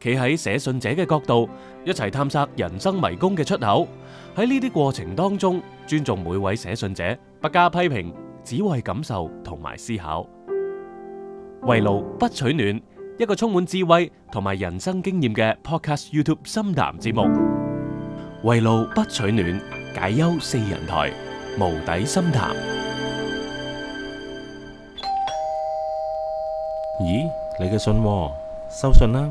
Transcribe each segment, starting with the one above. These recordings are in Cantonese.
企喺寫信者嘅角度，一齊探索人生迷宮嘅出口。喺呢啲過程當中，尊重每位寫信者，不加批評，只為感受同埋思考。為路不取暖，一個充滿智慧同埋人生經驗嘅 Podcast YouTube 深談節目。為路不取暖，解憂四人台無底深談。咦，你嘅信喎，收信啦。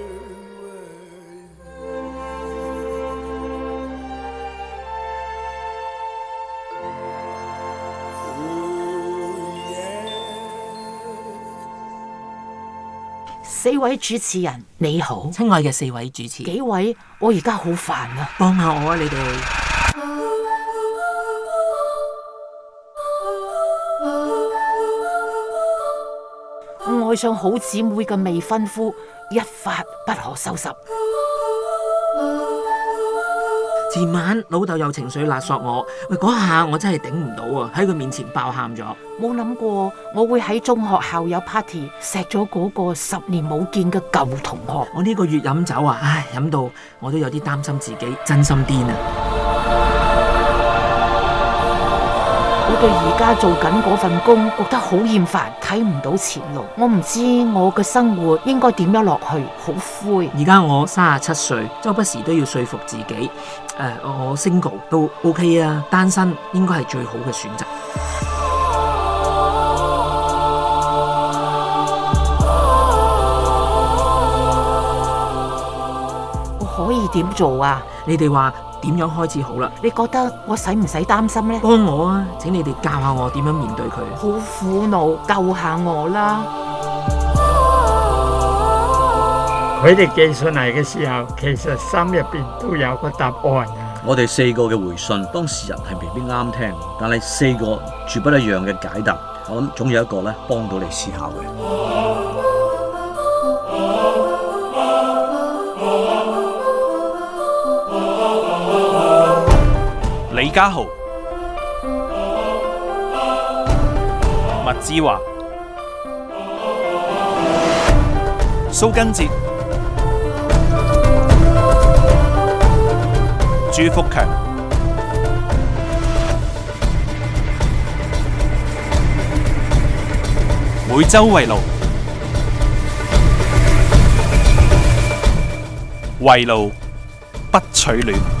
四位主持人，你好，親愛嘅四位主持，幾位？我而家好煩啊，幫下我啊，你哋愛上好姊妹嘅未婚夫，一發不可收拾。前晚老豆有情緒勒索我，喂嗰下我真係頂唔到啊！喺佢面前爆喊咗。冇諗過我會喺中學校友 party，錫咗嗰個十年冇見嘅舊同學。我呢個月飲酒啊，唉，飲到我都有啲擔心自己，真心癲啊！對而家做緊嗰份工，覺得好厭煩，睇唔到前路。我唔知我嘅生活應該點樣落去，好灰。而家我三十七歲，周不時都要說服自己，誒、呃，我 single 都 OK 啊，單身應該係最好嘅選擇。我可以點做啊？你哋話？點樣開始好啦？你覺得我使唔使擔心咧？幫我啊，請你哋教下我點樣面對佢。好苦惱，救下我啦！佢哋寄信嚟嘅時候，其實心入邊都有個答案。我哋四個嘅回信，當事人係未必啱聽，但係四個絕不一樣嘅解答，我諗總有一個咧幫到你思考嘅。家豪、麥志華、蘇賡哲、朱福強，每周圍爐，圍爐不取暖。